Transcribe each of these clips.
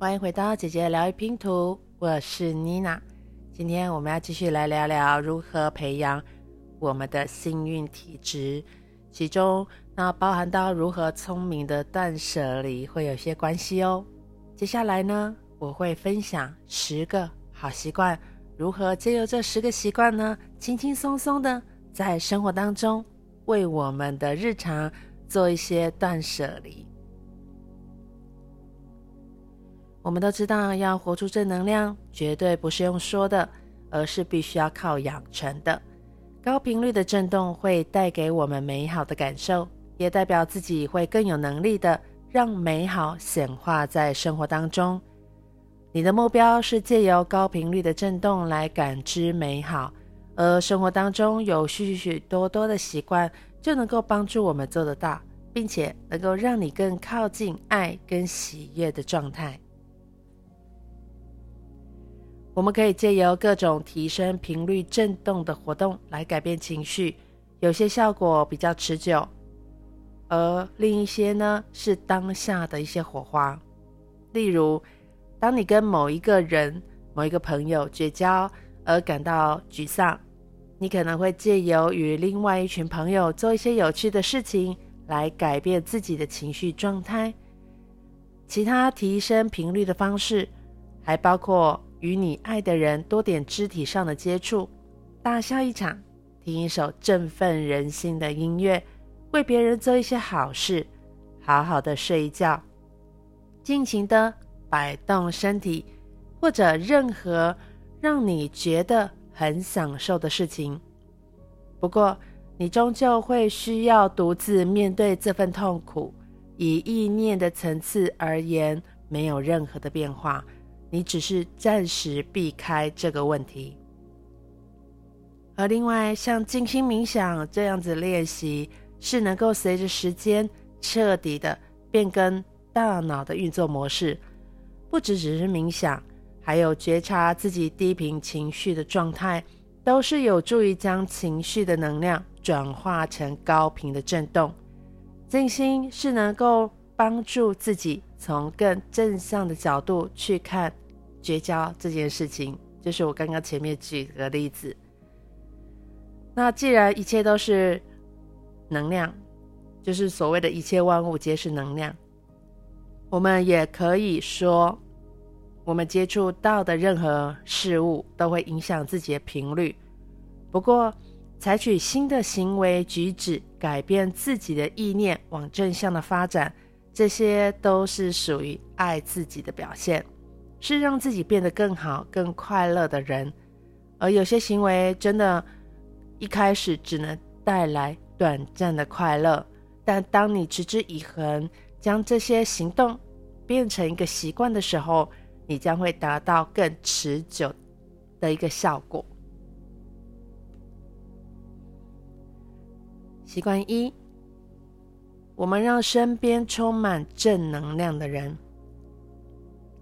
歡迎回到姐姐的療癒拼圖，我是妮娜。今天我們要繼續來聊聊如何培養我們的幸運體質，其中那包含到如何聰明的斷捨離會有些關係哦。接下來呢，我會分享十個好習慣，如何借由這十個習慣呢，輕輕鬆鬆的在生活當中為我們的日常做一些斷捨離。我們都知道，要活出正能量，絕對不是用說的，而是必須要靠養成的。高頻率的震動會帶給我們美好的感受，也代表自己會更有能力的讓美好顯化在生活當中。你的目標是借由高頻率的震動來感知美好，而生活當中有許許許多多的習慣，就能夠幫助我們做得到，並且能夠讓你更靠近愛跟喜悅的狀態。我們可以借由各種提升頻率振動的活動來改變情緒，有些效果比較持久，而另一些呢是當下的一些火花。例如，當你跟某一個人、某一個朋友絕交而感到沮喪，你可能會借由與另外一群朋友做一些有趣的事情來改變自己的情緒狀態。其他提升頻率的方式還包括。與你愛的人多點肢體上的接觸，大笑一場，聽一首振奮人心的音樂，為別人做一些好事，好好的睡一覺，盡情的擺動身體，或者任何讓你覺得很享受的事情。不過，你終究會需要獨自面對這份痛苦，以意念的層次而言，沒有任何的變化。你只是暫時避開這個問題，而另外，像靜心冥想這樣子練習，是能夠隨着時間徹底的變更大腦的運作模式。不只只是冥想，還有覺察自己低頻情緒的狀態，都是有助於將情緒的能量轉化成高頻的震動。靜心是能夠幫助自己從更正向的角度去看。絕交這件事情，就是我剛剛前面舉的例子。那既然一切都是能量，就是所謂的一切萬物皆是能量，我們也可以說，我們接觸到的任何事物都會影響自己的頻率。不過，採取新的行為舉止，改變自己的意念，往正向的發展，這些都是屬於愛自己的表現。是讓自己變得更好、更快樂的人，而有些行為真的一開始只能帶來短暫的快樂，但當你持之以恆，將這些行動變成一個習慣的時候，你將會達到更持久的一個效果。習慣一，我們讓身邊充滿正能量的人。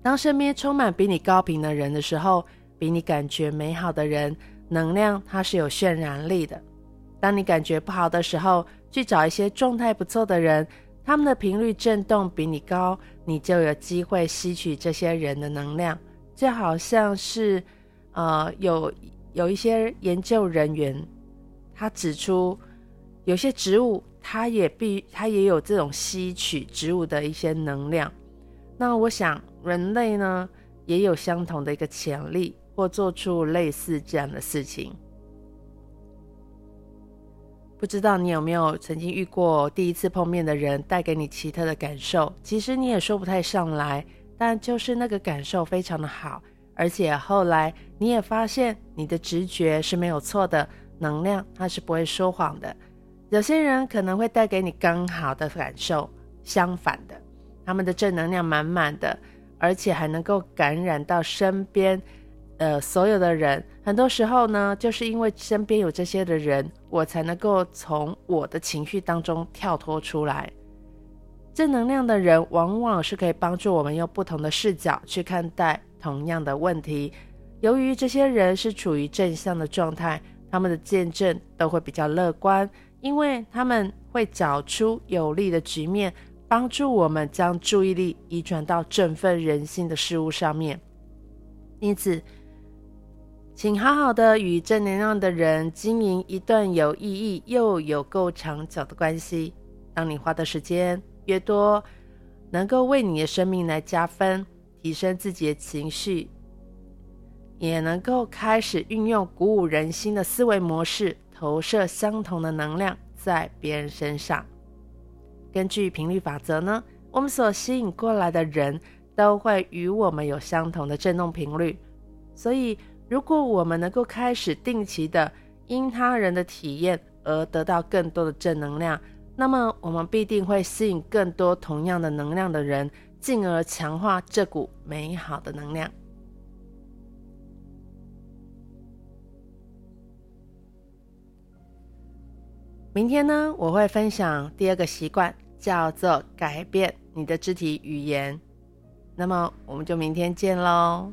當身邊充滿比你高頻的人的時候，比你感覺美好的人，能量它是有渲染力的。當你感覺不好的時候，去找一些狀態不錯的人，他們的頻率震動比你高，你就有機會吸取這些人的能量。就好像是，呃，有有一些研究人員他指出，有些植物它也必它也有這種吸取植物的一些能量。那我想。人類呢，也有相同的一個潛力，或做出類似這樣的事情。不知道你有沒有曾經遇過第一次碰面的人帶給你奇特的感受？其實你也說不太上來，但就是那個感受非常的好，而且後來你也發現你的直覺是沒有錯的，能量它是不會說謊的。有些人可能會帶給你更好的感受，相反的，他們的正能量滿滿的。而且還能夠感染到身邊，呃，所有的人。很多時候呢，就是因為身邊有這些的人，我才能夠從我的情緒當中跳脫出來。正能量的人往往是可以幫助我們用不同的視角去看待同樣的問題。由於這些人是處於正向的狀態，他們的見證都會比較樂觀，因為他們會找出有利的局面。幫助我們將注意力移轉到振奮人心的事物上面。因此，請好好的與正能量的人經營一段有意義又有夠長久的關係，當你花的時間越多，能夠為你的生命來加分，提升自己的情緒，也能夠開始運用鼓舞人心的思維模式，投射相同的能量在別人身上。根據頻率法則呢，我們所吸引過來的人都會與我們有相同的振動頻率。所以，如果我們能夠開始定期的因他人的體驗而得到更多的正能量，那麼我們必定會吸引更多同樣的能量的人，進而強化這股美好的能量。明天呢，我會分享第二個習慣，叫做改變你的肢體語言。那麼，我們就明天見嘍。